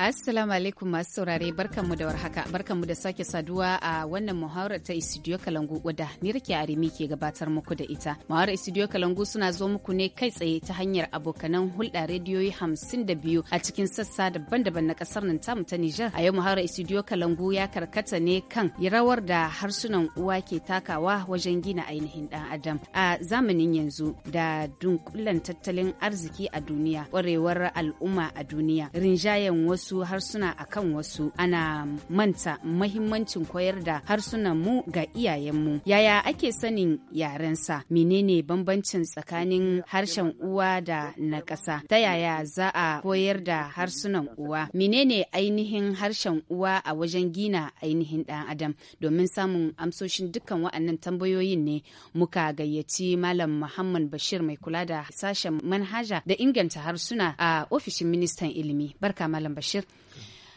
Assalamu alaikum masu saurare mu da warhaka mu da sake saduwa a wannan muhawarar ta Studio Kalangu wadda ni rike Arimi ke gabatar muku da ita. Muhawarar Studio Kalangu suna zo muku ne kai tsaye ta hanyar abokanan hulɗa rediyoyi hamsin da biyu a cikin sassa daban-daban na ƙasar nan tamu ta Nijar. A yau muhawarar Studio Kalangu ya karkata ne kan rawar da harsunan uwa ke takawa wajen gina ainihin ɗan adam. A zamanin yanzu da dunkulen tattalin arziki a duniya, ƙwarewar al'umma a duniya, rinjayen wasu wasu harsuna a kan wasu ana manta mahimmancin koyar da harsunan mu ga iyayenmu yaya ake sanin yarensa menene bambancin tsakanin harshen uwa da na ƙasa ta yaya za a koyar da harsunan uwa menene ainihin harshen uwa a wajen gina ainihin ɗan adam domin samun amsoshin dukkan wa'annan tambayoyin ne muka gayyaci malam muhammad bashir mai kula da sashen manhaja da inganta harsuna a ofishin ministan ilimi barka malam bashir bashir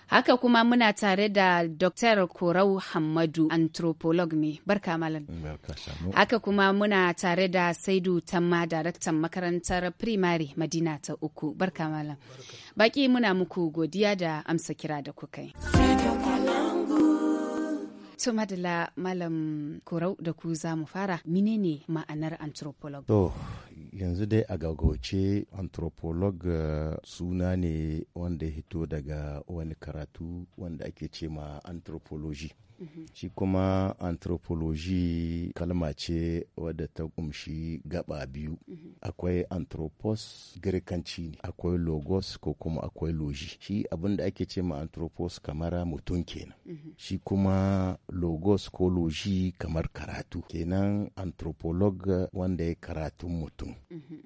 haka kuma muna tare da dr korau hamadu anthropolog ne barka malam haka kuma muna tare da saidu tamma daraktan makarantar primary madina ta uku barka malam baki muna muku godiya da amsa kira da kuka yi To malam korau da ku za mu fara menene ma'anar anthropolog? To yanzu dai a gagoce anthropologue eh, suna ne wanda hito daga wani karatu wanda ake ce ma anthropology shi kuma anthropology kalma ce wadda ta kumshi gaba biyu akwai anthropos girkanci ne akwai logos ko kuma akwai loji shi abin da ake ce ma anthropos kamar mutum kenan shi kuma logos ko loji kamar karatu kenan anthropolog wanda ya karatu mutum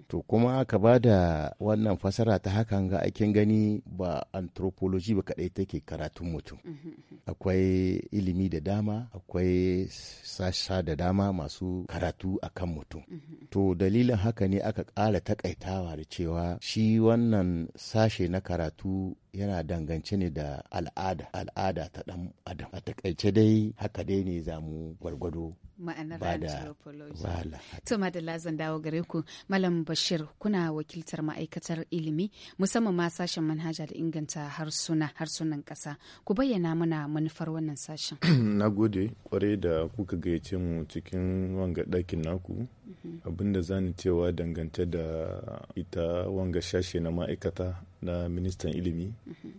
to kuma aka ba da wannan fasara ta hakan ga aikin gani ba anthropology ba kaɗai take karatun mutum akwai ilimi da dama akwai sasha da dama masu karatu a kan mutum mm-hmm. to dalilin haka ne aka ƙara taƙaitawa da cewa shi wannan sashe na karatu yana dangance ne da al'ada al'ada ta dan adam a takaice dai haka dai ne za mu gwargwado ma'anar anthropology to madalla zan dawo gare ku malam bashir kuna wakiltar ma'aikatar ilimi musamman ma sashen manhaja da inganta harsuna harsunan ƙasa ku bayyana mana manufar wannan sashen na gode kwarai da kuka gayyace mu cikin wanga ɗakin naku abinda zani cewa dangance da ita wanga shashe na ma'aikata na ministan ilimi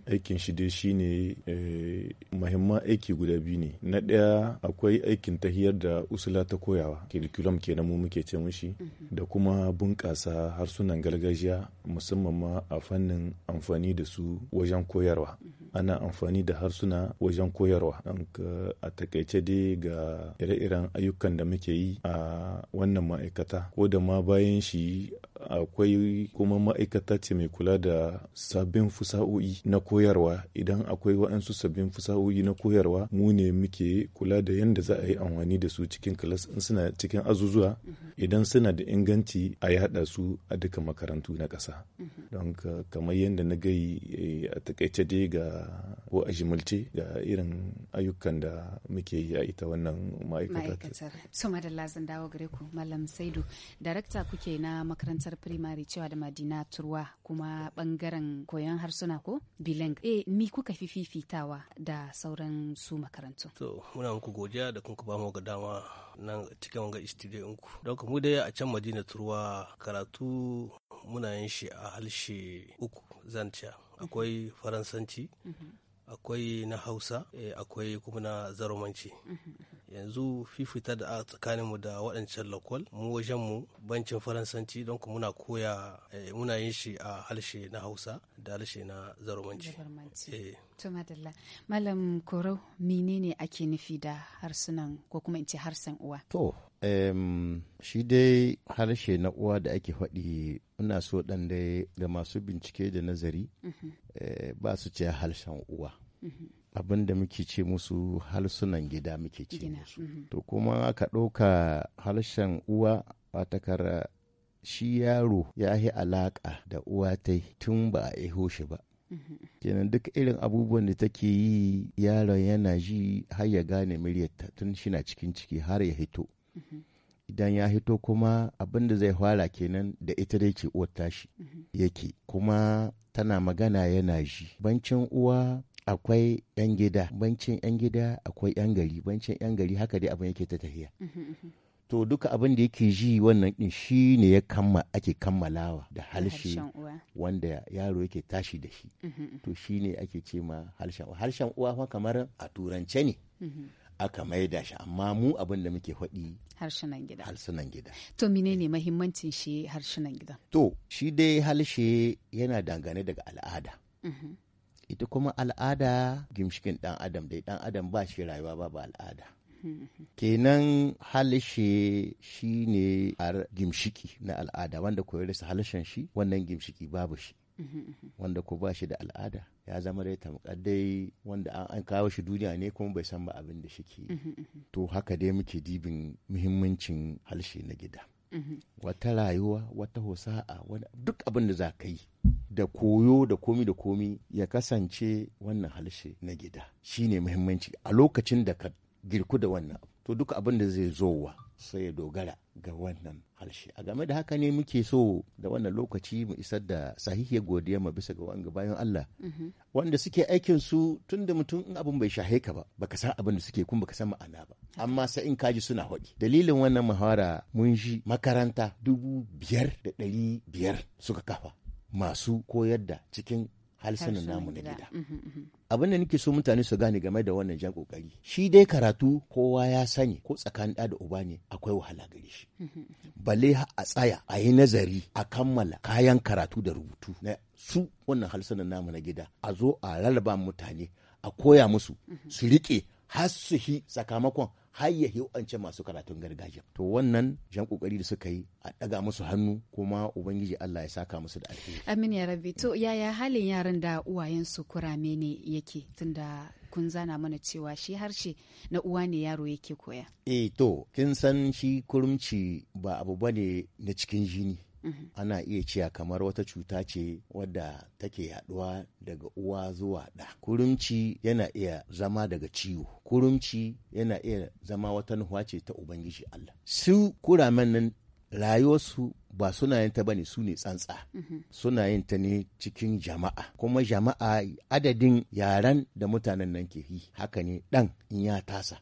aikin shi dai shine eh, mahimman aiki guda biyu ne na ɗaya akwai aikin tahiyar da usula ta koyawa curriculum kenan mu muke ce mushi da kuma bunƙasa harsunan gargajiya musamman ma a fannin amfani da su wajen koyarwa ana amfani da harsuna wajen koyarwa don euh, a takaice dai ga ire-iren ayyukan da muke yi a wannan ma'aikata ko da ma bayan shi akwai kuma ma'aikata ce mai kula da sabbin fusa'o'i na koyarwa idan akwai waɗansu sabbin fusa'o'i na koyarwa mu ne muke kula da yadda za a yi amfani da su cikin kilas in suna cikin azuzuwa mm-hmm. idan suna da inganci a yada su a duka makarantu na ƙasa mm-hmm. don kamar yadda na gai eh, a takaice dai ga ko a jimilce ga irin ayyukan da muke yi a ita wannan ma'aikatar. Ma'aikatar. da lazan dawo gare ku Malam Saidu, darakta kuke na makarantar kasar primary cewa da madina turwa kuma bangaren koyon harsuna ko bilang eh mi kuka fi fifitawa da sauran su makarantu to muna muku godiya da kuma ba mu ga dama nan cikin wanga studio ku don mu dai a can madina turwa karatu muna yin shi a halshe uku zancia akwai mhm. faransanci mhm. akwai na hausa eh, akwai kuma na zaromanci mhm, yanzu fifita da a tsakaninmu da waɗancan lokal mu wajen mu bancin faransanci don ku muna koya eh, muna yin shi a harshe na hausa da harshe na zarumanci eh. malam koro menene ake nufi da harsunan ko kuma in ce harsan uwa to shi dai harshe na uwa da ake faɗi ina so ɗan dai ga masu bincike da nazari mhm. eh, ba su ce harshen uwa mhm. abin da muke ce musu halsunan gida muke ce musu mhm. to kuma aka ɗauka harshen uwa watakar shi yaro ya yi alaƙa da uwa ta tun ba a iho shi ba mhm. kenan duk irin abubuwan da take yi yaron yana ji har ya gane muryarta tun shina cikin ciki har ya hito mhm. idan ya hito kuma abin da zai fara kenan da ita dai yake uwar tashi yake kuma tana magana yana ji bancin uwa akwai 'yan gida bancin 'yan gida akwai 'yan gari bancin 'yan gari haka dai abin yake ta tafiya mhm, mhm. to duka abin da yake ji wannan din shi ne ya kamma ake kammalawa da halshe wanda yaro yake tashi da shi mhm, to shi ne ake ce ma harshen uwa harshen uwa fa kamar a turance ne aka maida shi amma mu abin da muke faɗi harsunan gida harsunan gida to mahimmancin shi harsunan gida to shi dai harshe yana dangane daga al'ada ita kuma al'ada gimshikin dan adam dai dan adam ba shi rayuwa ba ba al'ada kenan halishe shi ne gimshiki na al'ada wanda ko rasa halishen shi wannan gimshiki babu shi wanda ko ba shi da al'ada ya zama dai tamkar dai wanda an kawo shi duniya ne kuma bai san ba abin da shike to haka dai muke dibin muhimmancin halishe na gida mm-hmm. wata rayuwa wata hosa'a duk abin da za ka yi da koyo da komi da komi ya kasance wannan halshe na gida shi ne muhimmanci a lokacin da ka girku da wannan to duka abin da zai zowa sai ya dogara ga wannan halshe a game da haka ne muke so da wannan lokaci mu isar da sahihiyar godiya ma bisa ga wanga bayan Allah mm-hmm. wanda suke aikin su tun da mutum in abin bai shahe ka ba baka san abin da suke kun baka san ma'ana ba amma sai in kaji suna haɗi dalilin wannan muhawara mun shi makaranta dubu biyar da ɗari biyar suka kafa masu koyar da cikin halsunan namu na gida. Mhm, mhm. Abin da nake so mutane su gane game da wannan jan kokari. Shi dai karatu kowa ya sani ko tsakanin da uba ne akwai wahala gare shi. Mhm, Bale a tsaya a yi nazari a kammala kayan karatu da rubutu na su wannan halsunan namu na gida a zo a lalaba mutane a koya musu su riƙe har su hi sakamakon har ya hiwance masu karatun gargajiya to wannan jan kokari da suka yi a daga musu hannu kuma ubangiji Allah ya saka musu da alheri amin ya rabbi to yaya halin yaran da uwayen su kurame ne yake tunda kun zana mana cewa shi harshe na uwa ne yaro yake koya eh to kin san shi kurumci ba abu bane na cikin jini Mm-hmm. ana iya cewa kamar wata cuta ce wadda take yaduwa daga uwa zuwa ɗa kurumci yana iya zama daga ciwo kurumci yana iya zama wata nuhuwa ce ta ubangiji Allah su kuramen nan rayuwarsu ba suna yin ta bane su ne tsantsa mm-hmm. suna yin ta ne cikin jama'a kuma jama'a adadin yaren da mutanen nan ke yi haka ne dan in ya tasa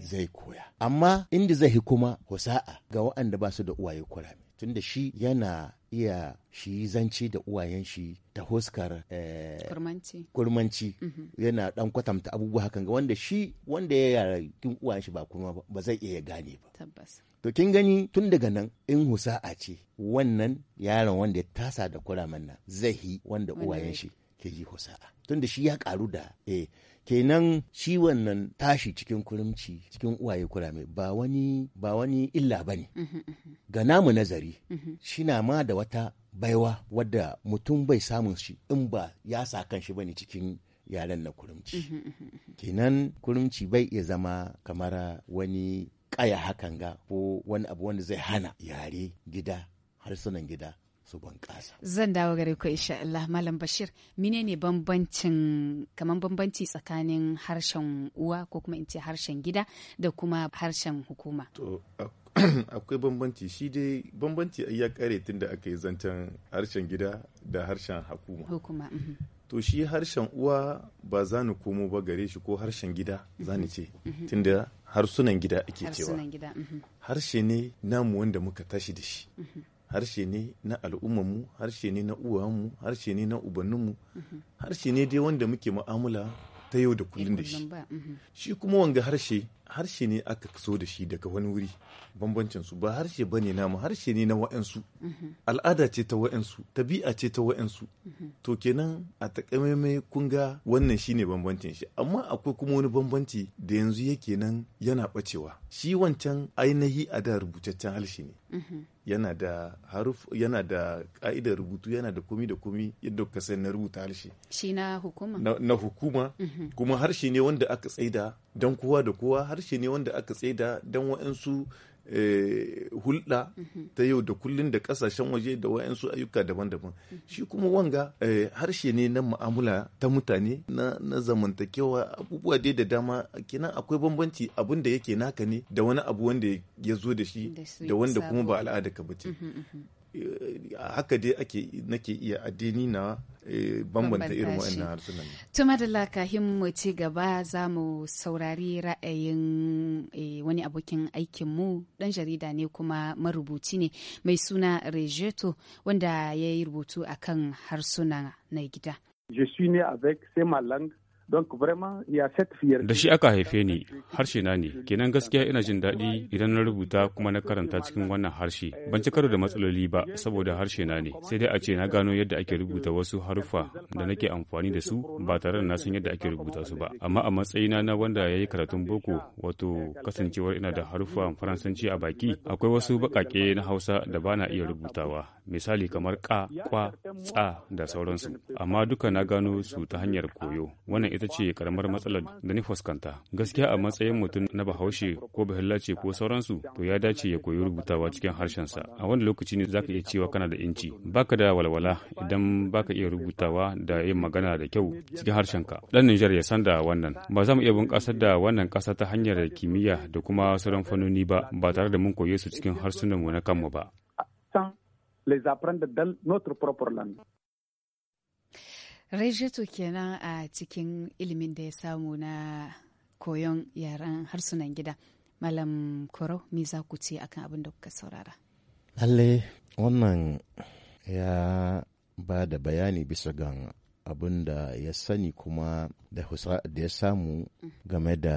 zai koya amma inda zai kuma husa'a ga waɗanda ba su da uwaye kurame tunda shi yana iya shi zance da uwayen shi ta huskar eh, kurmanci mhm. yana dan kwatanta abubuwa hakan ga wanda shi wanda ya yara kin uwayen shi ba kuma ba zai iya gane ba tabbas to kin gani tun daga nan in husa a ce wannan yaron wanda ya tasa da kuraman nan zai wanda uwayen shi ke ji sa'a tunda shi ya karu da eh kenan shi wannan tashi cikin kurumci cikin uwaye kurame ba wani ba wani illa bane ga namu nazari shi na ma da wata baiwa wadda mutum bai samun shi in ba ya sa kan shi bane cikin yaren na kurumci kenan kurumci bai iya zama kamar wani kaya hakan ga ko wani abu wanda zai hana yare gida harsunan gida su bunƙasa. Zan dawo gare ku insha Allah Malam Bashir ne bambancin kamar bambanci tsakanin harshen uwa ko kuma in ce harshen gida da kuma harshen hukuma. To akwai bambanci shi dai bambanci ya kare tun da aka yi zancen harshen gida da harshen hukuma. Hukuma. Mhm. To shi harshen uwa ba za ni komo ba gare shi ko harshen gida za ni ce mhm. mhm. tunda harsunan gida ake cewa. Harshe ne namu wanda muka tashi da shi. harshe ne na al'ummanmu harshe ne na uwanmu harshe ne na ubanninmu mhm. harshe ne dai wanda muke mu'amala ta yau da kullum da shi mhm. shi kuma wanga harshe harshe ne aka so da shi daga wani wuri bambancin su ba harshe ba ne namu harshe ne na wa'ansu mhm. al'ada ce ta wa'ansu tabi'a ce ta wa'ansu to kenan a takamaimai kun ga wannan ne bambancin shi amma akwai kuma wani bambanci da yanzu yake nan yana bacewa shi wancan ainihi a da rubutaccen harshe ne yana da haruf yana da ka'idar rubutu yana da komi da komi yadda ka sai na rubuta harshe shi na hukuma na, na hukuma mm -hmm. kuma harshe ne wanda aka tsaida don kowa da kowa harshe ne wanda aka tsaida don waɗansu. Eh, hulɗa mhm. ta yau da kullum da ƙasashen waje da wa'yansu ayyuka daban-daban mhm. shi kuma wanga eh, harshe ne na mu'amala ta mutane na zamantakewa abubuwa dai da dama kenan akwai bambanci abin da yake naka ne da wani abu wanda ya zo da shi da wanda kuma ba al'ada ka bace mhm, Eh, haka dai ake nake iya addini na eh, bambanta irin wa'annan harsunan to madalla kahin mu ci gaba za mu saurari ra'ayin eh, wani abokin aikinmu dan jarida ne kuma marubuci ne mai suna rejeto wanda ya yi rubutu akan harsuna na gida je suis né avec c'est ma langue Da shi aka haife ni, harshe na ne, kenan gaskiya ina jin daɗi idan na rubuta kuma na karanta cikin wannan harshe. Ban ci karo da matsaloli ba saboda harshe na ne, sai dai a ce na gano yadda ake rubuta wasu haruffa da nake amfani da su ba tare da na san yadda ake rubuta su ba. Amma a matsayina na wanda yayi karatun boko wato kasancewar ina da haruffan faransanci a baki, akwai wasu baƙaƙe na Hausa da ba na iya rubutawa, misali kamar ka, kwa, tsa da sauransu. Amma duka na gano su ta hanyar koyo. Wannan ita ce karamar matsalar da ni fuskanta gaskiya a matsayin mutum na bahaushe ko bahillaci ko sauransu to ya dace ya koyi rubutawa cikin harshensa a wani lokaci ne zaka iya cewa kana da inci baka da walwala idan baka iya rubutawa da yin magana da kyau cikin harshenka dan Nijar ya san da wannan ba za mu iya bunƙasar da wannan ƙasa ta hanyar kimiyya da kuma sauran fannoni ba ba tare da mun koye su cikin harsunanmu na kanmu ba les apprendre dans notre propre langue. Rajatu kenan a cikin ilimin da ya samu na koyon yaren harsunan gida. Malam Koro, me za ku ce akan abin da kuka saurara? Lalle wannan ya ba da bayani bisa gan abin da ya sani kuma da da ya samu game da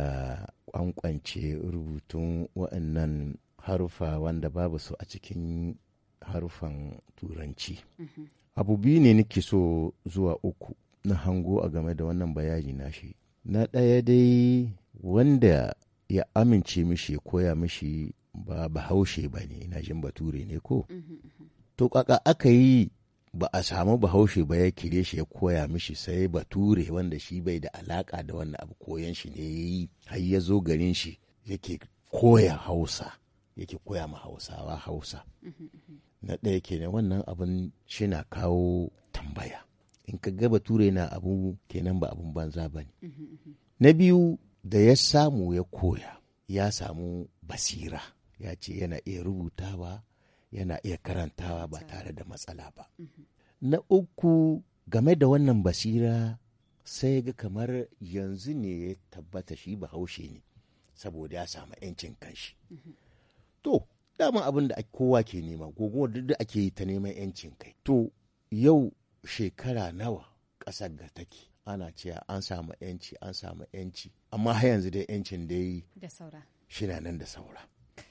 kwankwance rubutun waɗannan harufa wanda babu su a cikin harufan turanci. Mm-hmm. abu biyu ne nake so zuwa uku na hango a game da wannan bayani na shi na ɗaya dai wanda ya amince mishi ya koya mishi ba bahaushe ba ne ina jin bature ne ko mhm, mhm. to kaka aka yi ba a samu bahaushe ba ya kire shi ya koya mishi sai bature wanda shi bai da alaka da wannan abu koyan shi ne yayi har ya zo garin shi yake koya hausa yake koya ma hausawa hausa mhm, na ɗaya kenan wannan abin shi na kawo tambaya in ka ga bature na abu kenan ba abun banza ba ne na biyu da ya samu ya koya ya samu basira ya ce yana iya rubutawa yana iya karantawa ba tare da matsala ba na uku game da wannan basira sai ga kamar yanzu ne ya tabbata shi bahaushe ne saboda ya samu 'yancin kanshi to dama abin da kowa ke nema guguwar duk da ake ta neman yancin kai to yau shekara nawa ƙasar ga take ana cewa an samu yanci an samu yanci amma har yanzu dai yancin da yi da saura na nan da saura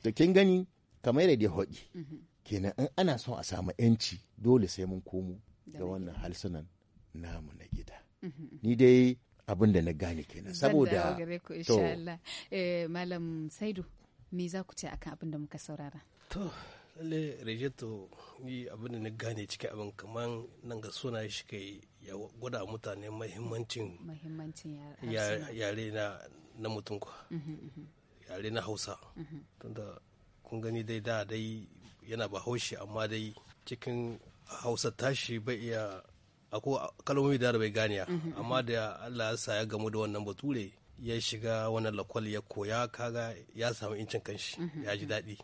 to kin gani kamar da dai hoɗi mhm. kenan in ana son a samu yanci dole sai mun komo da wannan halsunan namu na gida mhm. ni dai abin da na gane kenan saboda to eh, malam saidu me za ku ce akan abin da muka saurara to lalle rejeto ni abin da na gane ciki abin kamar nan ga suna shi kai ya gwada mutane mahimmancin yare na mutum kwa mhm, mhm. yare na hausa mhm. tunda kun gani dai da dai yana ba haushi amma dai cikin hausa tashi bai iya akwai kalmomi da bai gane amma da allah ya sa ya gamu da wannan bature ya shiga wannan lakwal ya koya kaga ya samu incin kanshi mhm, ya ji mhm, daɗi.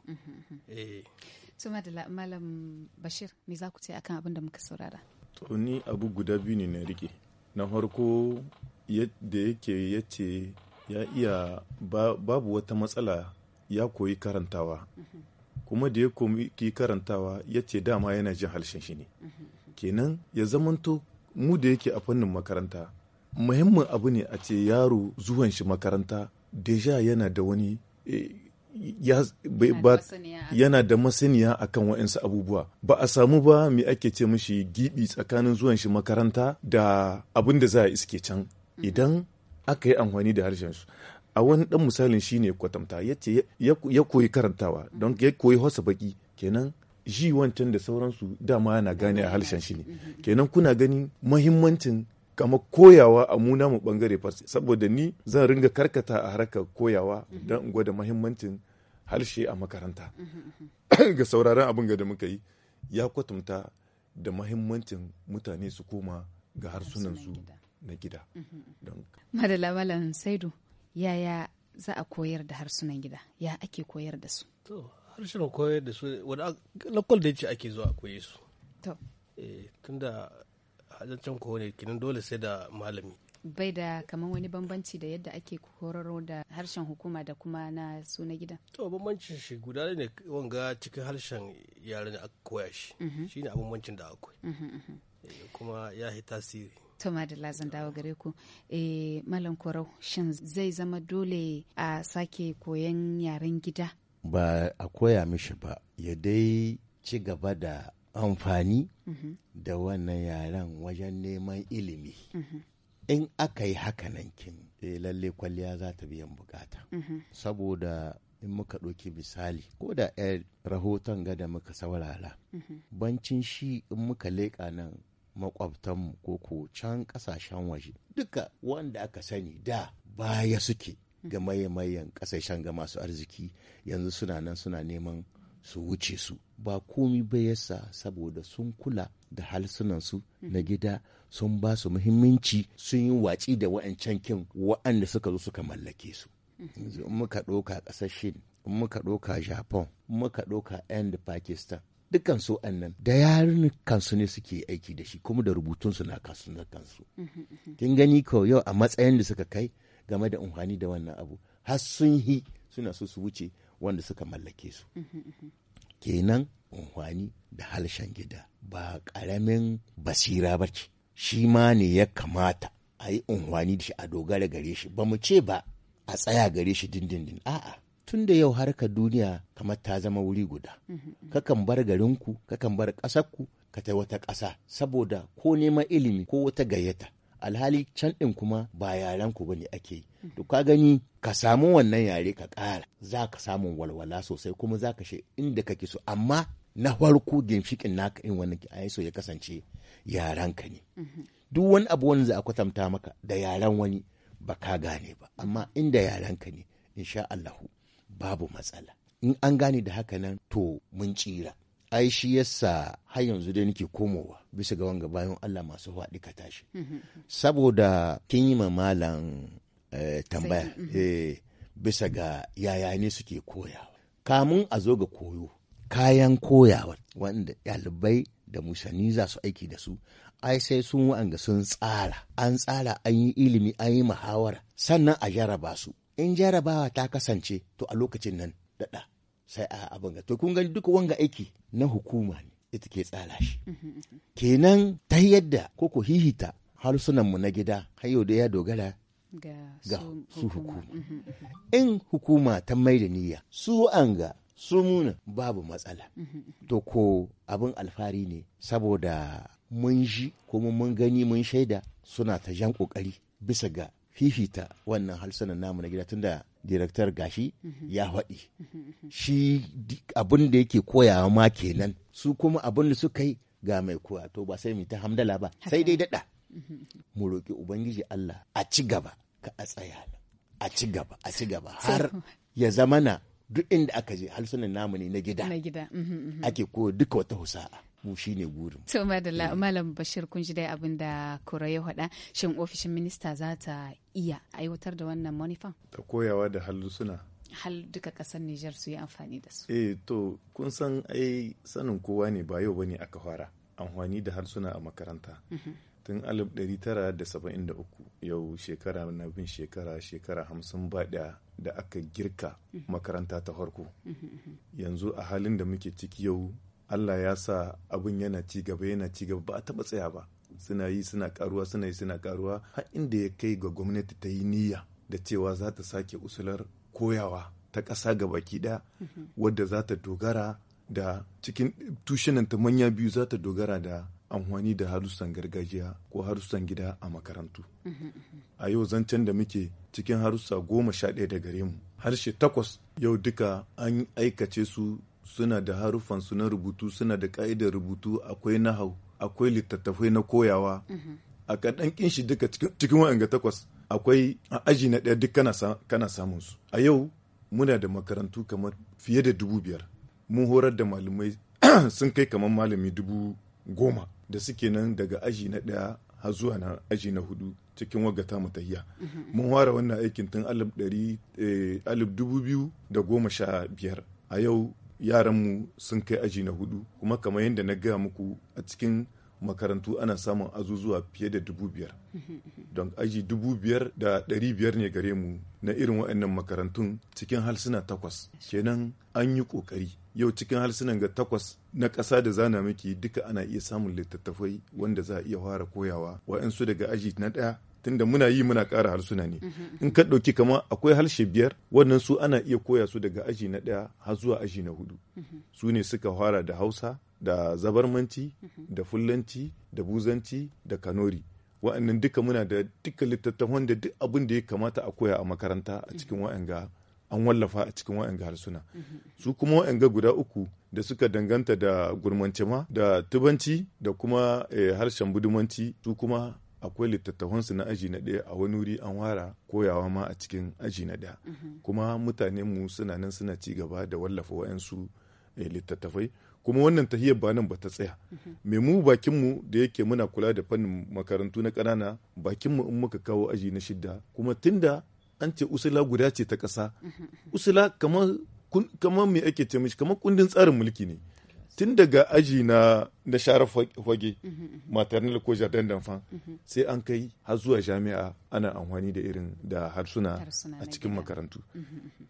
su mhm, eh. da malam bashir me za ku ce akan abin da muka saurara to abu guda biyu ne na rike na farko yadda yake ya ce ya iya babu wata matsala ya koyi karantawa kuma da ya koyi karantawa ya ce dama yana jin harshen shi ne kenan ya zamanto mu da yake a fannin makaranta muhimmin abu ne a ce yaro zuwan shi makaranta deja yana da wani eh, yana da masaniya a kan waɗansu abubuwa ba a samu ba me ake ce mishi gibi tsakanin zuwan shi makaranta da abin da za a iske can mhm. idan aka yi amfani da harshen su a wani dan misalin shine kwatamta ya ce ya koyi karantawa mhm. don ya koyi hasa baki kenan ji wancan da sauransu dama yana gane a harshen shi ne mhm. kenan kuna ganin mahimmancin kama koyawa a muna mu bangare farsi saboda ni zan ringa karkata a harkar koyawa mhm. don in gwada mahimmancin harshe a makaranta mhm, mhm, ga sauraron abin da muka yi ya kwatanta da mahimmancin mutane su koma ga harsunansu na gida madala malam saidu yaya za a koyar da harsunan gida ya ake koyar da su harshen koyar da su wadda lakwal da ce ake zuwa koye su eh, tunda zancen koyo ne dole sai da malami bai da kamar wani bambanci da yadda ake horarwa da harshen hukuma da kuma na suna gida to bambancin shi guda ne wanga cikin harshen yaren da aka koya shi mhm. ne bambancin da akwai mhm, mhm. eh, kuma ya yi tasiri to da lazan dawo gare ku e, malam korau shin zai zama dole a sake koyan yaren gida ba a koya mishi ba ya dai ci gaba da amfani mhm. da wannan yaren wajen neman ilimi mhm. in aka yi hakanan kin eh, lalle kwalliya za ta biyan bukata mhm. saboda in muka ɗauki misali ko da ɗaya rahoton gada muka saurara bancin shi in muka leƙa nan makwabtanmu ko ko can ƙasashen waje duka wanda aka sani da baya suke ga maye-mayen ƙasashen ga masu arziki yanzu suna nan suna neman su wuce su ba komi ba yasa saboda sun kula da halsunansu na gida sun ba su muhimmanci sun yi watsi da wa'ancan kin wa'anda suka zo suka mallake su in muka ɗauka ƙasar shin in muka ɗauka japan in muka ɗauka yan da pakistan dukkan su annan da yarin kansu ne suke aiki da shi kuma da rubutunsu na kasu kansu kin gani ko yau a matsayin da suka kai game da amfani da wannan abu har sun yi suna so su wuce wanda suka mallake su kenan unhwani da halshen gida ba ƙaramin basira ba ce shi ma ne ya kamata a yi unhwani da shi a dogara gare shi ba mu ce ba a tsaya gare shi dindindin a'a tun da yau harka duniya kamar ta zama wuri guda kakan bar garinku kakan bar ƙasarku ka ta wata ƙasa saboda ko neman ilimi ko wata gayyata alhali can ɗin kuma ba yaren ku bane ake yi to ka gani ka samu wannan yare ka ƙara za ka samu walwala sosai kuma za ka shi inda kake so amma na farko ginshikin naka in wani ayi so ya kasance yaren ka ne mhm. duk wani abu wani za a kwatanta maka da yaren wani ba ka gane ba amma inda yaren ka ne insha Allahu babu matsala in an gane da haka nan to mun tsira ai shi yasa har yanzu dai nake komowa bisa ga wanga bayan Allah masu faɗi ka tashi saboda kin yi malam eh, tambaya mhm. eh, bisa ga yaya ne suke koyawa kamun a zo ga koyo kayan koyawa wanda ɗalibai da musani za su aiki da su ai sai sun wa'anga sun tsara an tsara an yi ilimi an yi muhawara sannan a jaraba in jarabawa ta kasance to a lokacin nan daɗa sai a abin ga to kun gani duka wanga aiki na hukuma ne ita ke tsara shi mhm, mhm. kenan ta yadda ko ko hihita harsunanmu na gida har yau da ya dogara ga su hukuma mhm, in hukuma ta mai da niyya su an ga su muna babu matsala to ko abin alfari ne saboda mun ji kuma mun gani mun shaida suna ta jan kokari bisa ga fifita wannan harsunan namu na gida tunda direktar gashi ya faɗi shi abin da yake koyawa ma kenan su kuma abin da suka yi ga mai koya to ba sai mu ta hamdala ba sai dai daɗa mu roƙi ubangiji Allah a ci gaba ka a tsaya a ci gaba a ci gaba har ya zamana duk inda aka je harsunan namu na gida mhm, mhm. ake koya duka wata husa'a ku shine gurin. To madalla eh. Malam Bashir kun ji dai abin da Kura ya faɗa shin ofishin minista za ta iya aiwatar da wannan manufan? Ta koyawa da suna. Hal duka ƙasar Nijar su yi amfani da su. Eh to kun san ai sanin kowa ne ba yau bane aka fara amfani da harsuna a makaranta. Mhm. Tun 1973 yau shekara na bin shekara shekara hamsin ba da aka girka mhm. makaranta ta farko. Mhm, Yanzu a halin da muke ciki yau Allah ya sa abin yana ci gaba yana ci gaba ba a taba tsaya ba suna yi suna karuwa suna yi suna karuwa har inda ya kai ga gwamnati ta yi niyya da cewa za ta sake usular koyawa ta ƙasa ga baki ɗaya mm-hmm. wadda za ta dogara da cikin ta manya biyu za ta dogara da amfani da harsunan gargajiya ko harsunan gida a makarantu. Mm-hmm. A yau zancen da muke cikin harussa goma sha ɗaya da gare mu harshe takwas yau duka an aikace su suna da harufan su rubutu suna da ka'idar rubutu akwai nahau akwai littattafai na koyawa a kaɗan ƙin shi duka cikin wa'anga takwas akwai a aji na ɗaya duk kana samun su a yau muna da makarantu kamar fiye da dubu biyar mun horar da malamai sun kai kamar malami dubu goma da suke nan daga aji na ɗaya har zuwa na aji na hudu cikin wagata tahiya mun fara wannan aikin tun eh, alif dubu biyu da goma sha biyar a yau yaranmu sun kai aji na hudu kuma kamar yadda na gaya muku a cikin makarantu ana samun azuzuwa fiye da dubu biyar don aji dubu biyar da ɗari biyar ne gare mu na irin waɗannan makarantun cikin halsuna takwas kenan an yi ƙoƙari yau cikin halsunan ga takwas na ƙasa da zana miki duka ana iya samun littattafai wanda za a iya fara koyawa wa'ansu daga aji na ɗaya tunda muna yi muna ƙara harsuna ne mhm, mhm. in ka ɗauki kama akwai harshe biyar wannan su ana iya koya su daga aji na ɗaya har zuwa aji na hudu mhm. su ne suka fara da hausa da zabarmanci da fullanci da buzanci da kanori wa'annan duka muna da duka littattafan da duk abin da ya kamata a koya a makaranta a cikin wa'anga an wallafa a cikin wa'anga harsuna su kuma wa'anga guda uku da suka danganta da ma da tubanci da kuma eh, harshen budumanci su kuma akwai littattafansu na aji na ɗaya a wani wuri an wara koyawa ma a cikin aji na ɗaya mhm. kuma mutane mu suna nan suna ci gaba da wallafa wayansu eh, littattafai kuma wannan tahiyar ba nan ba ta tsaya mhm. me mu bakinmu mu da yake muna kula da fannin makarantu na ƙanana bakinmu in muka kawo aji na shidda kuma tunda an ce usula guda ce ta ƙasa mhm. usula kamar kamar me ake ce mishi kamar kundin tsarin mulki ne tun daga aji na da share fage maternal ko jardin d'enfant sai an kai har zuwa jami'a ana amfani da irin da harsuna a cikin makarantu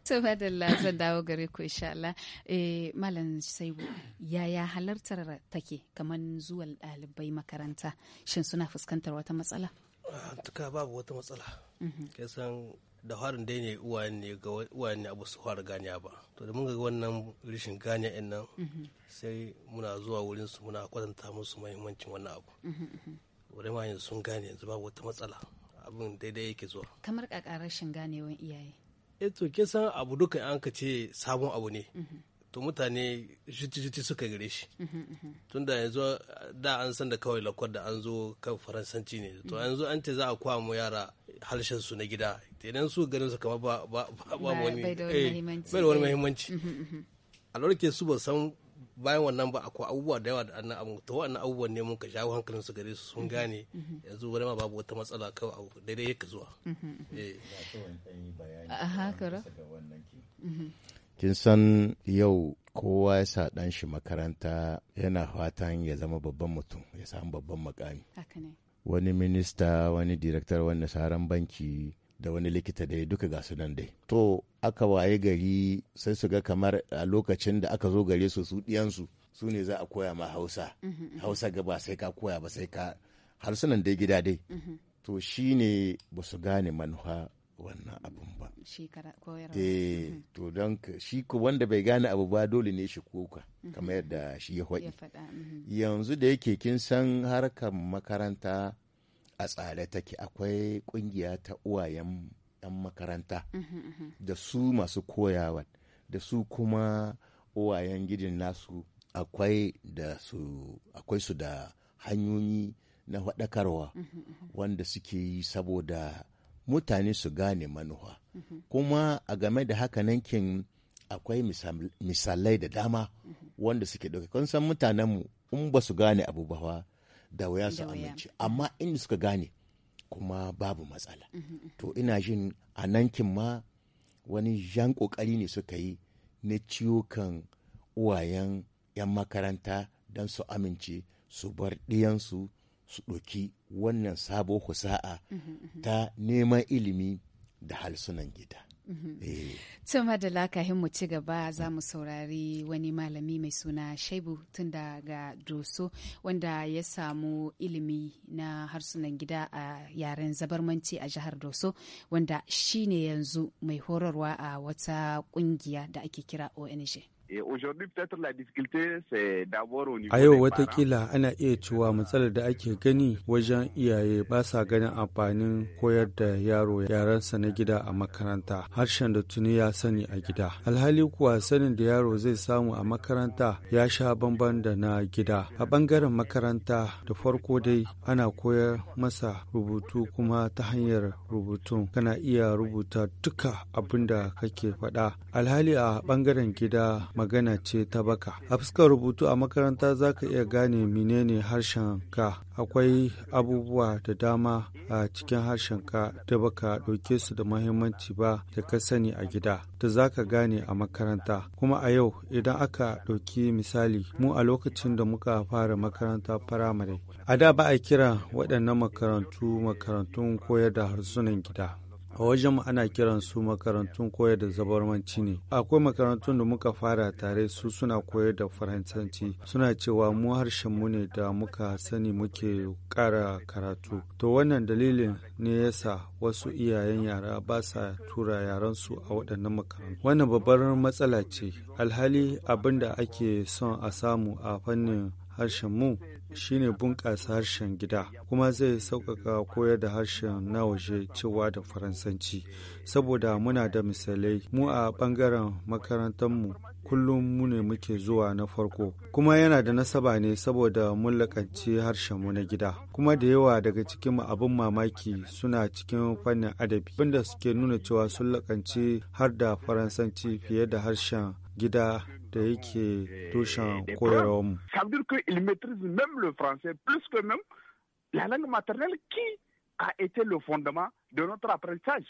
subhanallah lasar dawo gare ku Allah eh, malam sai yaya halartar take kaman zuwan ɗalibai makaranta shin suna fuskantar wata matsala ah, babu wata matsala mhm. da harin dai ne uwayen ne ga abu su fara ganiya ba to da mun ga wannan rishin ganiya in nan mhm, mhm. sai muna zuwa wurin su muna kwatanta musu muhimmancin wannan abu mhm, wurin ma yanzu sun gane yanzu babu wata matsala abin daidai yake zuwa kamar kakar rashin ganewan iyaye eh to kin san abu duka an ka ce sabon abu ne to mutane jiti-jiti suka gare shi uhm, uhm, uhm. tunda yanzu da an san da kawai lakwar da an zo kan faransanci ne to yanzu an ce za a kwa mu yara harshen su na gida idan su ganin su kama ba ba wani bai da wani eh, muhimmanci a lokacin su ba san bayan wannan ba akwai abubuwa da yawa da annan abu to wannan abubuwan ne muka shawo hankalin su gare su sun gane yanzu wani ma babu wata matsala kawai abu daidai yake zuwa eh na so bayani a haka ra kin san yau kowa ya sa ɗan shi makaranta yana fatan ya zama babban mutum ya samu babban makami wani minista wani direktar wani saran banki da wani likita dai duka ga su nan dai to aka waye gari sai su ga kamar a lokacin da aka zo gare su su diyansu su ne za a koya ma hausa mm-hmm. hausa ga ba sai ka koya ba sai ka harsunan dai gida dai mm-hmm. to shi ne ba su gane manufa wannan abin ba eh, mm-hmm. to don shi ko wanda bai gane abu ba dole ne shi koka mm-hmm. kamar yadda shi ya faɗi mm-hmm. yanzu da yake kin san harkar makaranta a tsare take akwai kungiya ta uwayen 'yan makaranta da su masu koyawa da su kuma uwayen gidin nasu akwai su akwai su da hanyoyi na faɗakarwa wanda suke yi saboda mutane su gane manuwa kuma a game da haka nankin akwai misalai da dama wanda suke ɗauka kun san mutanenmu in ba su gane abu ba da waya su amince amma in suka gane kuma babu matsala mm-hmm, mm-hmm. to ina jin a nankin ma wani jan kokari ne suka yi na ciwo kan uwayen 'yan makaranta don su amince su bar ɗiyansu su ɗauki wannan sabo kusa'a mhm, mhm. ta neman ilimi da halsunan gida. Mhm. Eh. Tun madala kahin mu ci gaba za mu saurari wani malami mai suna Shaibu tun daga Doso wanda ya samu ilimi na harsunan gida a yaren zabarmanci a jihar Doso wanda shine yanzu mai horarwa a wata kungiya da ake kira ONG. E, a yau watakila ana iya cewa matsalar da ake gani wajen iyaye ba sa ganin amfanin koyar da yaro yarensa na gida a makaranta harshen da tuni ya sani a gida. Alhali kuwa sanin da yaro zai samu a makaranta ya sha bamban da na gida. A bangaren makaranta da farko dai ana koyar masa rubutu kuma ta hanyar rubutu kana iya rubuta duka abin da kake faɗa. Alhali a bangaren gida magana ce ta baka a fuskar rubutu a makaranta za ka iya gane menene harshen ka akwai abubuwa da dama a cikin harshen ka da baka ɗauke su da mahimmanci ba da ka sani a gida da za ka gane a makaranta kuma a yau idan aka ɗauki misali mu a lokacin da muka fara makaranta firamare a da ba a kira waɗannan makarantu makarantun koyar da harsunan gida a wajen mu ana kiran su makarantun koyar da zabarmanci ne akwai makarantun da muka fara tare su suna koyar da faransanci suna cewa mu harshen mu ne da muka sani muke ƙara karatu to wannan dalilin ne yasa wasu iyayen yara ba sa tura yaran a waɗannan makarantu wannan babbar matsala ce alhali abin da ake son a samu a fannin harshenmu shine bunƙasa harshen gida kuma zai sauƙaƙa koyar da harshen na waje cewa da faransanci saboda muna da misalai mu a ɓangaren makarantarmu kullum mu ne muke zuwa na farko kuma yana da nasaba ne saboda mun lakanci harshenmu na gida kuma da yawa daga cikin abin mamaki suna cikin fannin adabi da suke nuna cewa sun lakanci har da faransanci fiye da harshen gida da yake tushen koyarwarmu. La langue maternelle qui a été le fondement de notre apprentissage.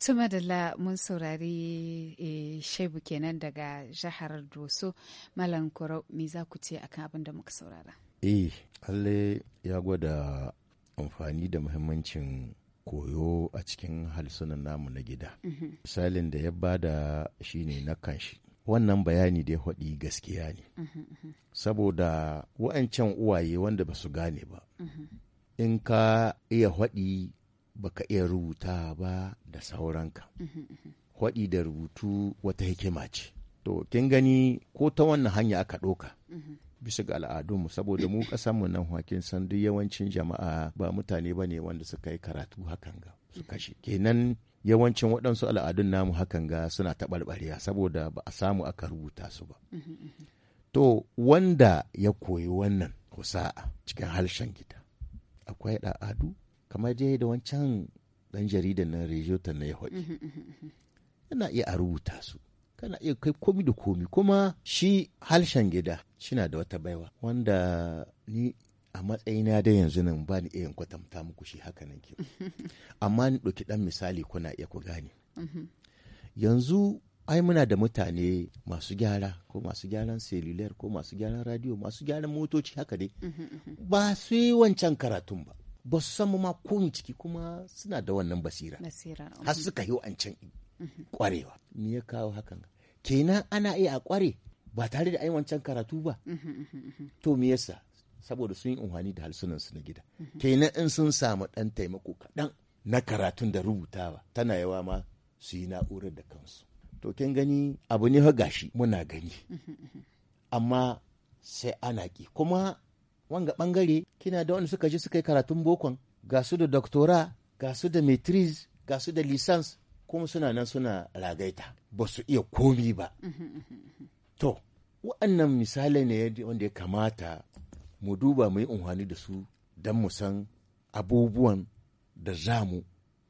Tuma da mun saurari eh, shebu kenan daga jihar Doso Malam Koro me za ku ce akan abin da muka saurara? Eh, alle ya gwada amfani da muhimmancin koyo a cikin halsunan namu na gida. Mhm. Misalin da ya bada shine na kanshi. wannan bayani da ya faɗi gaskiya ne mhm, mhm. saboda wa'ancan uwaye wanda ba su gane ba mhm. in ka iya faɗi baka iya rubuta ba da sauranka haɗi da rubutu wata hikima ce to kin gani ko ta wannan hanya aka ɗoka bisa ga al'adunmu saboda mu kasanmu nan hakin san duk yawancin jama'a ba mutane ba ne wanda suka yi karatu hakan ga su kashe kenan yawancin waɗansu al'adun namu hakan ga suna taɓarɓariya saboda ba a samu aka rubuta su ba mm-hmm, mm-hmm. to wanda ya koyi wannan husa'a cikin harshen gida akwai al'adu kamar je da wancan ɗan jaridan na rejota na ya mm-hmm, yana iya a rubuta su kana iya kai komi da komi kuma shi harshen gida shina da wata baiwa wanda ni a matsayina da yanzu nan ba ni iya kwatanta muku shi haka nan ke amma ni ɗauki ɗan misali kuna iya ku gane mm-hmm. yanzu ai muna da mutane masu gyara ko masu gyaran cellular ko masu gyaran radio masu gyaran motoci haka dai mm-hmm, mm-hmm. ba su yi wancan karatun ba ba su samu ma komi ciki kuma suna da wannan basira har suka yi wancan kwarewa me ya kawo hakan kenan ana iya a kware ba tare da ai wancan karatu ba to me yasa saboda sun yi unhani da halsunan su na gida kenan in sun samu dan taimako kaɗan na karatun da rubutawa tana yawa ma su yi na'urar da kansu to kin gani abu ne gashi muna gani amma sai ana ki kuma wanga bangare kina da wanda suka ji suka yi karatun bokon ga su da doctora ga su da matriz ga su da lisans kuma suna nan suna ragaita ba su iya komi ba to wa'annan misali ne wanda ya kamata mu duba mu yi unhwani da su don mu san abubuwan da za mu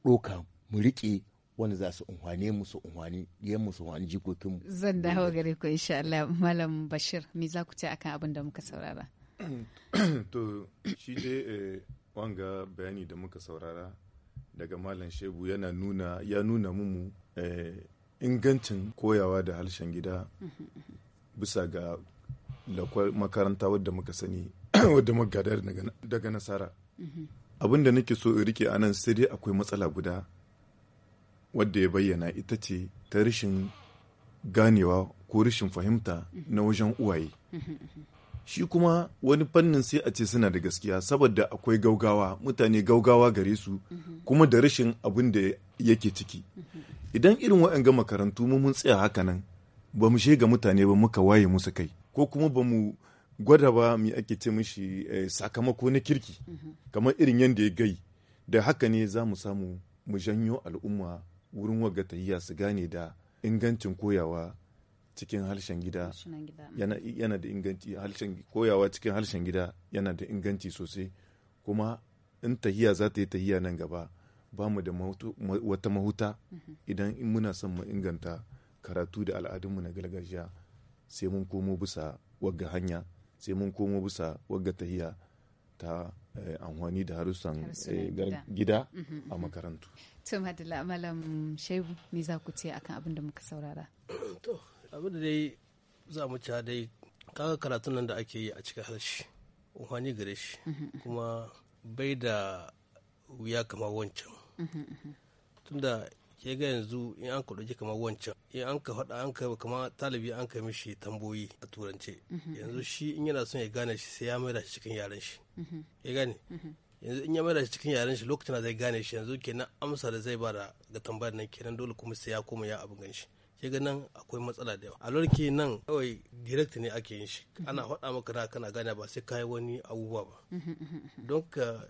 ɗoka mu riƙe wanda za su unhwane mu su unhwani yan mu su jikokin mu. Zan dawo gare ku insha Allah Malam Bashir me za ku ce akan abin da muka saurara? To shi dai eh, wanga bayani da muka saurara daga Malam Shebu yana nuna ya nuna mumu eh, ingancin koyawa da harshen gida mm-hmm. bisa ga makaranta wadda muka sani wadda muka daga nasara mm-hmm. abin da nake so in rike anan sai dai akwai matsala guda wadda ya bayyana ita ce ta rashin ganewa ko rashin fahimta mm-hmm. na wajen uwaye mm-hmm. shi kuma wani fannin sai a ce suna da gaskiya saboda akwai gaugawa mutane gaugawa gare su kuma da rashin abin da yake ciki idan irin waɗanga makarantu mun tsaya haka nan ba mu shiga mutane ba muka waye musu kai ko kuma ba mu gwada ba mai ake ce mishi eh, sakamako na kirki mhm. kamar irin yadda ya gai da haka ne za mu samu mu janyo al'umma wurin waga su gane da ingancin koyawa cikin harshen gida yana da inganci harshen koyawa cikin harshen gida yana da inganci sosai kuma in tahiya za ta yi tahiya nan gaba ba mu da wata mahuta mhm. idan muna son mu inganta karatu da al'adunmu na gargajiya sai mun komo bisa wagga hanya sai mun komo bisa wagga ta tahiya ta eh, amfani da harsunan eh, gida a makarantu. da Madalla Malam Shehu me za ku ce akan abin da muka saurara? To abin da dai za mu ci dai kaga karatun nan da ake yi a cikin harshe amfani gare shi mhm. kuma bai da wuya kamar wancan. Mhm, mhm. Tunda ya ga yanzu in an ka ɗauki kamar wancan in an ka faɗa an ka kamar talibi an ka mishi tamboyi a turance mhm. yanzu shi in yana son ya gane shi sai ya maida shi cikin yaren shi mhm. ya gane mhm. yanzu in ya maida shi cikin yaren shi lokacin da zai gane shi yanzu kenan amsa da zai bada ga tambayar nan kenan dole kuma sai ya koma ya abin ganshi shi ga nan akwai matsala da yawa a nan kawai direct ne ake yin shi ana faɗa maka na kana gane ba sai kayi wani abubuwa ba don ka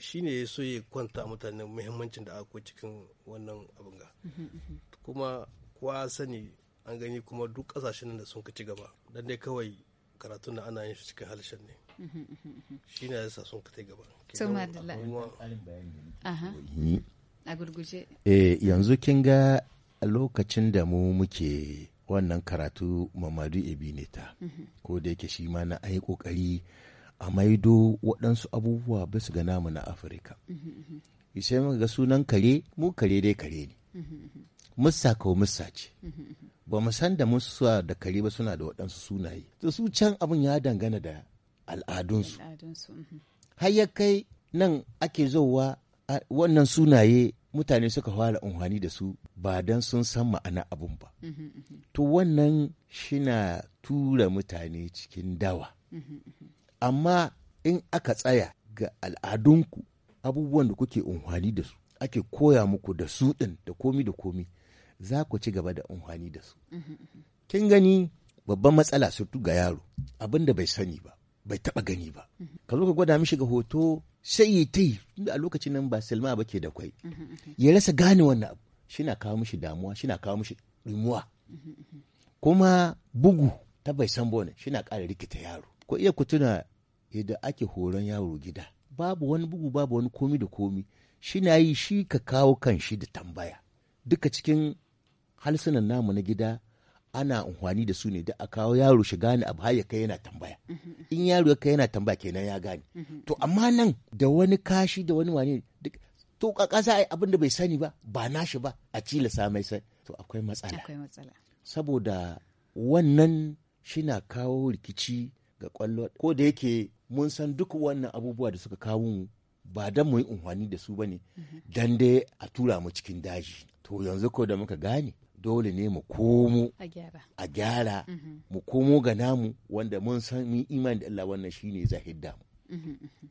shine ya so ya kwanta mutane muhimmancin da aka cikin wannan abin ga mhm, mhm. kuma kowa sani an gani kuma duk kasashen da sun ci gaba don dai kawai karatun da ana yin shi cikin halshen ne mhm, shi ne yasa sun kai gaba a eh, yanzu kin ga lokacin da mu muke wannan karatu mamadu ebineta ko da yake shi ma na ai kokari a maido waɗansu abubuwa bisa ga namu na afirka sai muka ga sunan kare mu kare dai kare ne musa ko musa ce ba mu san da mussa da kare ba suna da waɗansu sunaye to su can abin ya dangana da al'adunsu mhm. har ya kai nan ake zowa wannan sunaye mutane suka fara unhani da su ba don sun san ma'ana abun ba mhm, mhm. to wannan shina tura mutane cikin dawa amma in aka tsaya ga al'adunku abubuwan da kuke unhwani da su ake koya muku da su ɗin da komi da komi za ku ci gaba da unhwani da su kin gani babban matsala surtu ga yaro abin da bai sani ba bai taba gani ba ka zo ka gwada mishi ga hoto sai ya ta a lokacin nan ba silma ba ke da kwai ya rasa gane wannan abu shina kawo mishi damuwa shina kawo mishi rimuwa kuma bugu ta bai san bone shina ƙara rikita yaro ku iya ku tuna yadda ake horon yaro gida babu wani bugu babu wani komi da komi shi na yi shi ka kawo kan shi da tambaya duka cikin halsunan namu na gida ana amfani da su ne da a kawo yaro shi gane abu ya kai yana tambaya in yaro ya kai yana tambaya kenan ya gane to amma nan da wani kashi da wani wane to kasa ai abin da bai sani ba ba nashi ba a cila samai sai. to akwai matsala saboda wannan shi na kawo rikici ga kwallo ko da yake mun san duk wannan abubuwa da suka kawo mu ba dan mu yi unhwani da su bane dan dai a tura mu cikin daji to yanzu ko da muka gane dole ne mu komo a gyara mhm. mu komo ga namu wanda mun san mun imani da Allah wannan shine zahidda mu mhm, mhm.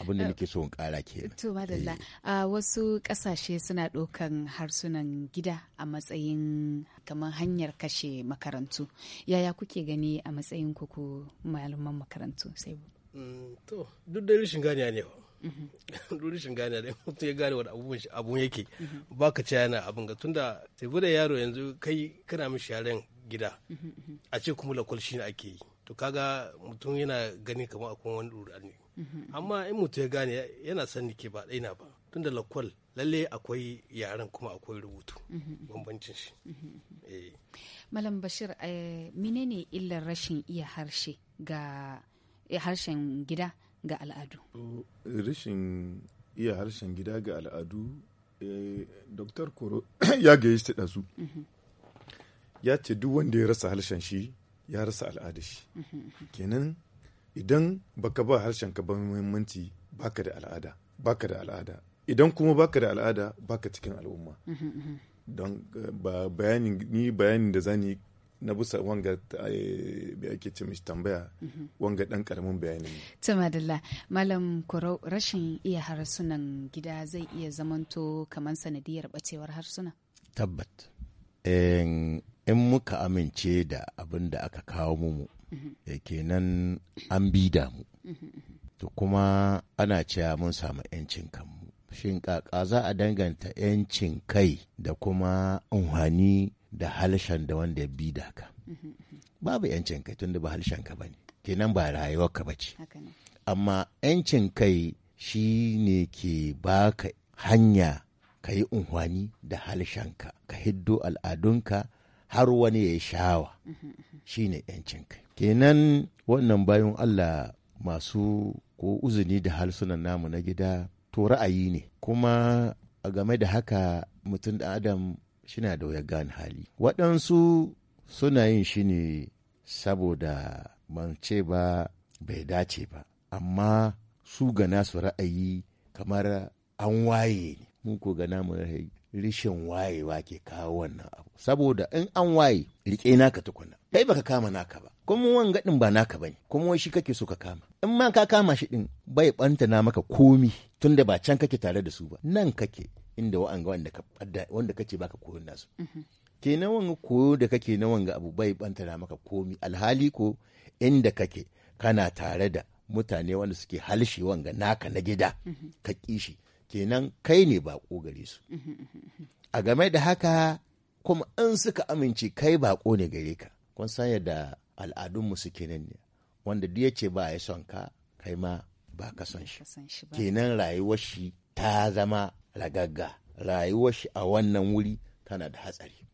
abin da eh, nake so in kara ke to madalla eh. a wasu kasashe suna ɗaukan harsunan gida a matsayin kamar hanyar kashe makarantu yaya kuke gani a matsayin kuku ko malaman makarantu sai mm, to duk da rashin ganiya ne mhm. duk rashin ganiya ne mutum ya gane wani abubuwan abun yake mhm. baka ci yana abin ga tunda sai da yaro yanzu kai kana mishi yaren gida mhm, a ce kuma lakwal shi ake yi to kaga mutum yana gani kamar akwai wani lura ne amma in mutum ya gane yana san ke ba ɗaina ba tunda lakwal lalle akwai yaren kuma akwai rubutu bambancin shi eh. malam bashir eh, menene illar rashin iya harshe ga eh, harshen gida ga al'adu rashin iya harshen gida ga al'adu dr koro ya gaye shi da su ya ce duk wanda ya rasa harshen shi ya rasa al'adar shi mhm. kenan idan baka ba harshen ka ba muhimmanci baka da al'ada baka da al'ada idan kuma baka da al'ada baka cikin al'umma don eh, ba bayanin ni bayanin da zani na bisa wanga bi eh, ake ce mishi tambaya wanga dan karamin bayani ne. Tumadilla, Malam kuro rashin iya harsunan gida zai iya zamanto kamar sanadiyar bacewar harsuna? Tabbat. Eh, in muka amince da abin da aka kawo mu Eh, kenan an bi damu to kuma ana cewa mun samu 'yancin kanmu shin kaka za a danganta 'yancin kai da kuma unhani da halshen da wanda ya bi da ka babu 'yancin kai tunda ba halshen ka bane kenan ba rayuwar ka bace amma 'yancin kai shi ne ke baka hanya ka yi unhani da halshenka ka hiddo al'adunka har wani ya yi shawa mhm, mhm. shi ne 'yancin kai kenan wannan bayan allah masu ko uzuni da harsunan namu na gida to ra'ayi ne kuma a game da haka mutum da adam shina da waya gane hali waɗansu suna yin shi ne saboda ban ce ba bai dace ba amma su gana su ra'ayi kamar an waye ne mun ko gana mu ra'ayi rishin wayewa ke kawo wannan abu saboda in an waye rike naka tukuna kai baka kama naka ba kuma wanga din ba naka bane kuma shi kake so ka kama in ma ka kama shi din bai bantana maka komi tunda ba can kake tare da su ba nan kake inda wa'anga wanda ka wanda kace baka koyon nasu mm-hmm. kenan wanga koyo da kake na wanga abu bai banta bantana maka komi alhali ko inda kake kana tare da mutane wanda suke halshe wanga naka na gida mm-hmm. ka kishi kenan kai ne bako gare su a game da haka kuma in suka amince kai bako ne gare ka kun san yadda al'adunmu suke nan ne wanda duk yace ce ba ya son ka kai ma ba ka son shi kenan rayuwar shi ta zama ragagga rayuwar shi a wannan wuri tana da hatsari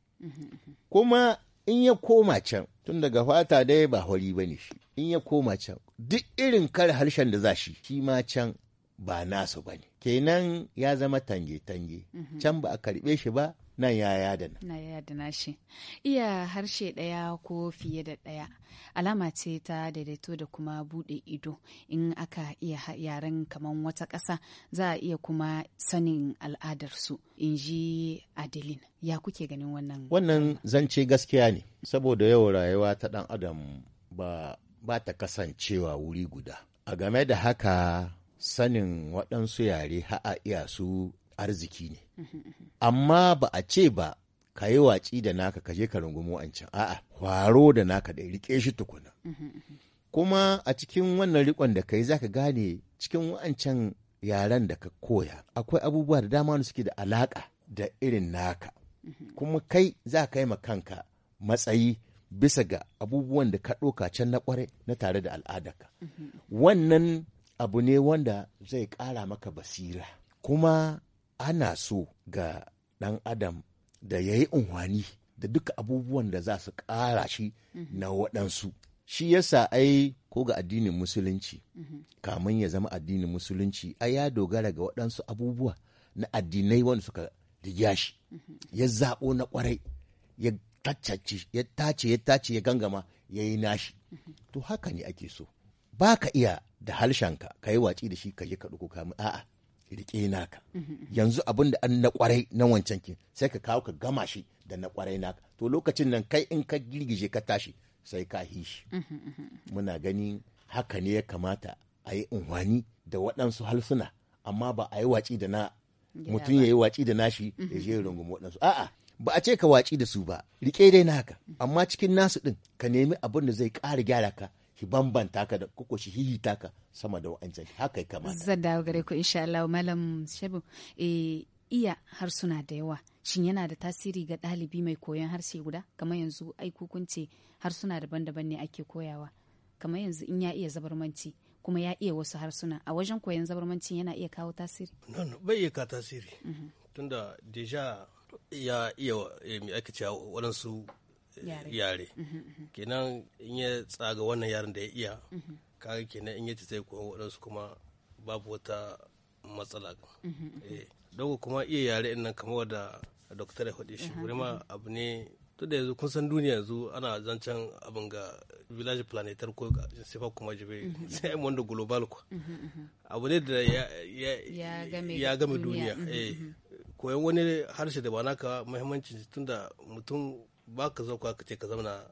kuma in ya koma can tun daga fata dai ba hori ba ne shi in ya koma can duk irin kar harshen da za shi shi ma can ba nasu ba ne kenan ya zama tange-tange mhm. can ba a karɓe shi ba nan ya yadana. Na yadana shi. Iya harshe ɗaya ko fiye da ɗaya alama ce ta daidaito da kuma buɗe ido in aka iya yaren kamar wata ƙasa za a iya kuma sanin al'adarsu in ji adilin Ya kuke ganin wannan? Wannan zance gaskiya ne saboda yau rayuwa ta ɗan adam ba, ba ta kasancewa wuri guda. A game da haka sanin waɗansu yare ha'a iya su arziki ne mhm, mhm. amma ba a ce ba ka yi watsi da naka ka je ka rungumo an can a'a kwaro da naka da rike shi tukuna mhm, kuma a cikin wannan rikon da ka yi zaka gane cikin wa'ancan yaren da ka koya akwai abubuwa da dama suke da alaƙa da irin naka kuma kai za ka yi kanka matsayi bisa ga abubuwan da ka ɗoka can na ƙwarai na tare da al'adarka wannan abu ne wanda zai ƙara maka basira kuma ana so ga ɗan adam da ya yi unhwani da duka abubuwan da za su ƙara shi mhm. na waɗansu shi yasa ai ko ga addinin musulunci mhm. kamun ya zama addinin musulunci ai ya dogara ga waɗansu abubuwa na addinai wanda suka riga shi mhm. ya zaɓo na ƙwarai ya tace ya tace ya gangama ya yi nashi to haka ne ake so ba ka iya da harshen ka yi watsi da shi ka je ka ɗauko kamun a'a riƙe naka yanzu abin da an na kwarai na wancan kin sai ka kawo ka gama shi da na kwarai naka to lokacin nan kai in ka girgije ka tashi sai ka hi shi muna gani haka ne ya kamata a yi unhwani da waɗansu halsuna amma ba a yi watsi da na mutum ya yi watsi da nashi mhm. ya je rungumi waɗansu a'a ba a ce ka watsi da su ba riƙe dai naka mhm. amma cikin nasu ɗin ka nemi abin da zai ƙara gyara ka Ki bambanta ka da kuko shi hihita ka sama da wa'ancan haka ya kamata zan dawo gare ku insha Allah malam shabu eh, iya harsuna da yawa shin yana da tasiri ga ɗalibi mai koyon harshe guda kamar yanzu ai ce harsuna daban-daban ne ake koyawa kamar yanzu in ya iya zabarmanci kuma ya iya wasu harsuna a wajen koyon zabarmanci yana iya kawo tasiri bai iya ka tasiri mhm. tunda deja ya iya eh, mai ake cewa waɗansu yare mm-hmm, mm-hmm. kenan in ya tsaga wannan yaren da ya iya mm-hmm. kaga kenan in ya ci sai kuma waɗansu kuma babu wata matsala eh, don kuma iya yare nan kamar da doktor ya faɗi shi uh-huh, ma uh-huh. abu ne tun da yanzu kun san duniya yanzu ana zancen abin ga village planetar ko sifar kuma jibe sai wanda global ku abu ne da ya game duniya eh, koyan wani harshe da ba naka muhimmanci tun da mutum ba ka zo ka ce ka zauna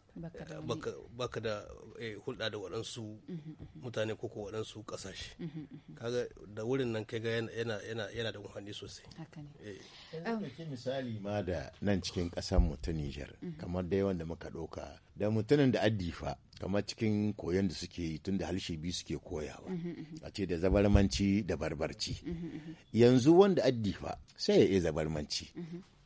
baka da eh, hulɗa da waɗansu mm-hmm, mm-hmm. mutane ko waɗansu ƙasashe mm-hmm, kaga da wurin nan kai ga yana da muhalli sosai haka ne eh. Eh, oh. misali ma da nan cikin ƙasar mu ta Nijar kamar da yawan da muka ɗauka da mutumin da addifa kamar cikin koyon da suke yi tun da halshe biyu suke koyawa a ce da zabarmanci da barbarci yanzu wanda addifa sai ya iya zabarmanci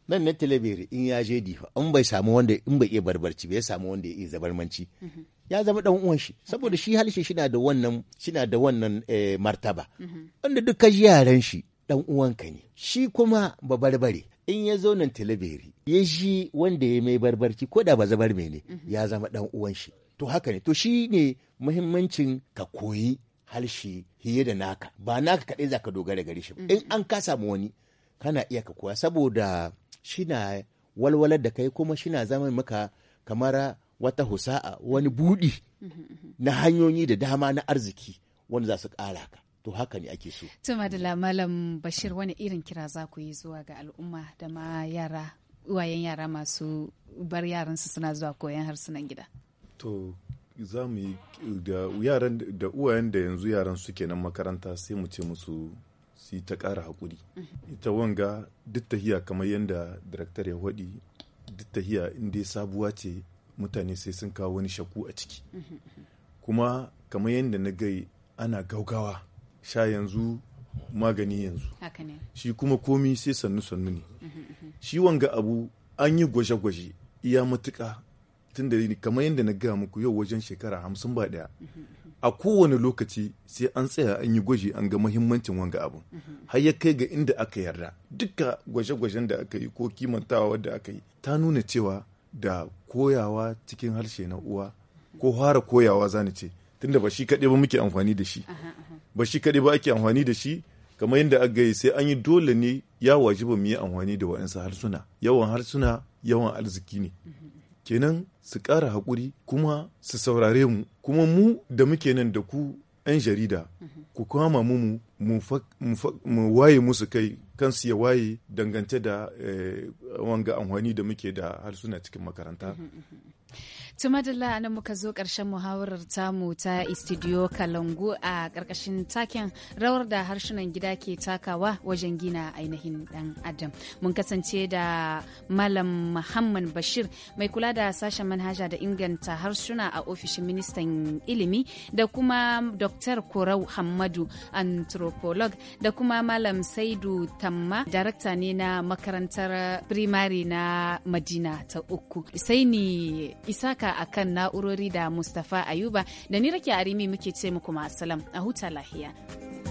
nan na talabiri in ya je difa in bai samu wanda in bai iya barbarci bai samu wanda ya iya zabarmanci mhm. ya zama dan uwan shi saboda shi halishe shi na da wannan shi da wannan eh, martaba mhm. wanda duk kaji yaran shi dan uwanka ne shi kuma ba barbare in ya zo nan talabiri ya ji wanda ya mai barbarci ko da ba zabar ne mhm. ya zama dan uwan shi to haka ne to shi ne muhimmancin ka koyi halshe hiye da naka ba naka kaɗai za ka dogara gare shi in an ka samu wani kana iya ka koya saboda shina walwalar da kai kuma shina zama maka kamar wata husa'a wani budi na hanyoyi da dama na arziki wanda za su ƙara ka to haka ne ake so. Tuma da malam Bashir wani irin kira za ku yi zuwa ga al'umma da ma yara uwayen yara masu bar yaransu suna zuwa koyan harsunan gida. To za mu yi da uwayen da yanzu yaran suke nan makaranta sai mu ce musu su ta ƙara haƙuri ita wanga duk tahiya kamar yadda daraktar ya waɗi duk tahiya inda sabuwa ce mutane sai sun kawo wani shaku a ciki kuma kamar yadda na gai ana gaugawa sha yanzu magani yanzu shi kuma komi sai sannu-sannu ne shi wanga abu an yi gwaje-gwaje iya matuka tun da kamar yadda na gaya muku yau wajen shekara hamsin ba ɗaya a kowane lokaci sai an tsaya an yi gwaji an ga mahimmancin wanga abu har ya kai ga inda aka yarda duka gwaje-gwajen da aka yi ko kimantawa da aka yi ta nuna cewa da koyawa cikin harshe na uwa ko fara koyawa za ni ce tunda ba shi kaɗai ba muke amfani da shi ba shi kaɗai ba ake amfani da shi kamar yadda aka yi sai an yi dole ne ya wajiba mu yi amfani da wa'ansu harsuna yawan harsuna yawan arziki ne mhm. kenan su ƙara haƙuri kuma su saurare mu kuma mu da muke nan da ku 'yan jarida ku kama mu mu waye musu kai kansu ya waye dangance da eh, wanga amfani da muke da harsuna cikin makaranta da la'a nan muka zo ƙarshen muhawarar tamu ta Istidiyo Kalangu a ƙarƙashin taken rawar da harsunan gida ke takawa wajen gina ainihin ɗan adam. Mun kasance da Malam Muhammad Bashir mai kula da sashen manhaja da inganta harsuna a ofishin ministan ilimi da kuma Dr. Korau Hammadu anthropolog da kuma Malam Saidu Tamma darakta ne na makarantar primary na Madina ta uku. Sai ni Isaka a kan na'urori da Mustapha Ayuba da ni rake arimi muke ce muku ma'asalam a huta lahiya.